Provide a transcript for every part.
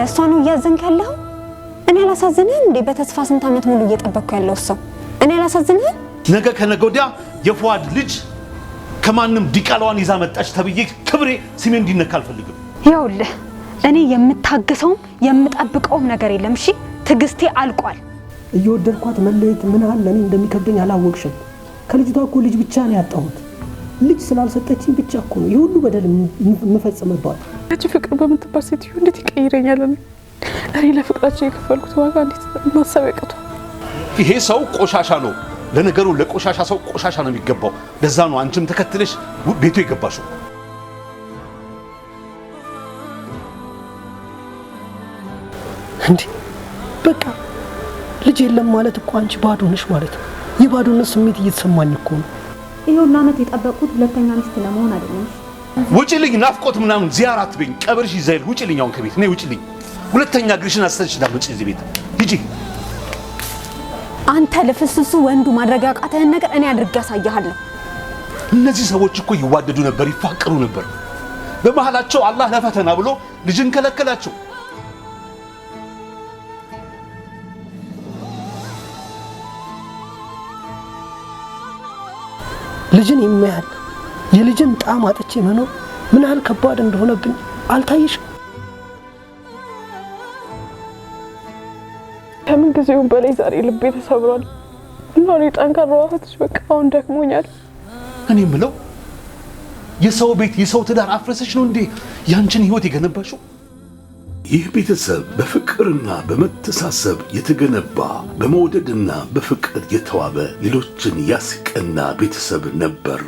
ለእሷ ነው እያዘንክ ያለኸው? እኔ አላሳዝንህም እንዴ? በተስፋ ስንት ዓመት ሙሉ እየጠበቅኩ ያለው ሰው እኔ አላሳዝንህም? ነገ ከነገ ወዲያ የፏድ ልጅ ከማንም ዲቃላዋን ይዛ መጣች ተብዬ ክብሬ ስሜ እንዲነካ አልፈልግም። ይኸውልህ እኔ የምታገሰውም የምጠብቀውም ነገር የለም። እሺ ትዕግስቴ አልቋል። እየወደድኳት መለየት ምን ያህል ለእኔ እንደሚከብደኝ አላወቅሽም። ከልጅቷ እኮ ልጅ ብቻ ነው ያጣሁት። ልጅ ስላልሰጠችኝ ብቻ እኮ ነው የሁሉ በደል የምፈጽምባት። እቺ ፍቅር በምትባል ሴትዮ እንዴት ይቀይረኛል? እኔ ለፍቅራቸው የከፈልኩት ዋጋ እንዴት ማሰብ ያቅቷል? ይሄ ሰው ቆሻሻ ነው። ለነገሩ ለቆሻሻ ሰው ቆሻሻ ነው የሚገባው። ለዛ ነው አንቺም ተከትለሽ ቤቱ የገባሽው። እንዴ በቃ ልጅ የለም ማለት እኮ አንቺ ባዶ ነሽ ማለት ነው። የባዶነት ስሜት እየተሰማኝ እኮ ነው። ይሄ ሁሉ ዓመት የጠበቁት ሁለተኛ ሚስት ለመሆን አይደለም። ውጭልኝ፣ ናፍቆት ምናምን ዚያራ አትበይኝ። ቀብርሽ ይዘህል ውጭልኝ፣ አሁን ከቤት እኔ ውጭልኝ። ሁለተኛ እግርሽን አስተሽ እንዳትመጪ እዚህ ቤት ሂጂ። አንተ ልፍስሱ ወንዱ ማድረግ ያቃተህን ነገር እኔ አድርጌ አሳያለሁ። እነዚህ ሰዎች እኮ ይዋደዱ ነበር፣ ይፋቀሩ ነበር። በመሃላቸው አላህ ለፈተና ብሎ ልጅን ከለከላቸው። ልጅን የሚያህል የልጅን ጣዕም አጥቼ መኖር ምን ያህል ከባድ እንደሆነብኝ አልታይሽም? ከምን ጊዜውም በላይ ዛሬ ልቤ ተሰብሯል። ኖሪ ጠንካራ እህትሽ፣ በቃ አሁን ደክሞኛል። እኔ ምለው የሰው ቤት የሰው ትዳር አፍረሰች ነው እንዴ ያንችን ህይወት የገነባሽው? ይህ ቤተሰብ በፍቅርና በመተሳሰብ የተገነባ በመውደድና በፍቅር የተዋበ ሌሎችን ያስቀና ቤተሰብ ነበር።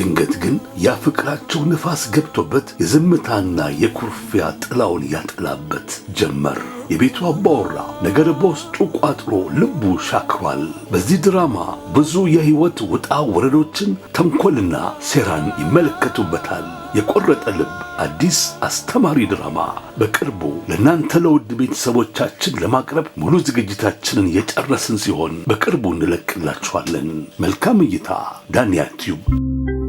ድንገት ግን ያ ፍቅራቸው ንፋስ ገብቶበት የዝምታና የኩርፊያ ጥላውን ያጠላበት ጀመር። የቤቱ አባወራ ነገር በውስጡ ቋጥሮ ልቡ ሻክሯል። በዚህ ድራማ ብዙ የሕይወት ውጣ ወረዶችን፣ ተንኮልና ሴራን ይመለከቱበታል። የቆረጠ ልብ አዲስ አስተማሪ ድራማ በቅርቡ ለእናንተ ለውድ ቤተሰቦቻችን ለማቅረብ ሙሉ ዝግጅታችንን የጨረስን ሲሆን በቅርቡ እንለቅላችኋለን። መልካም እይታ። ዳንያ ቲዩብ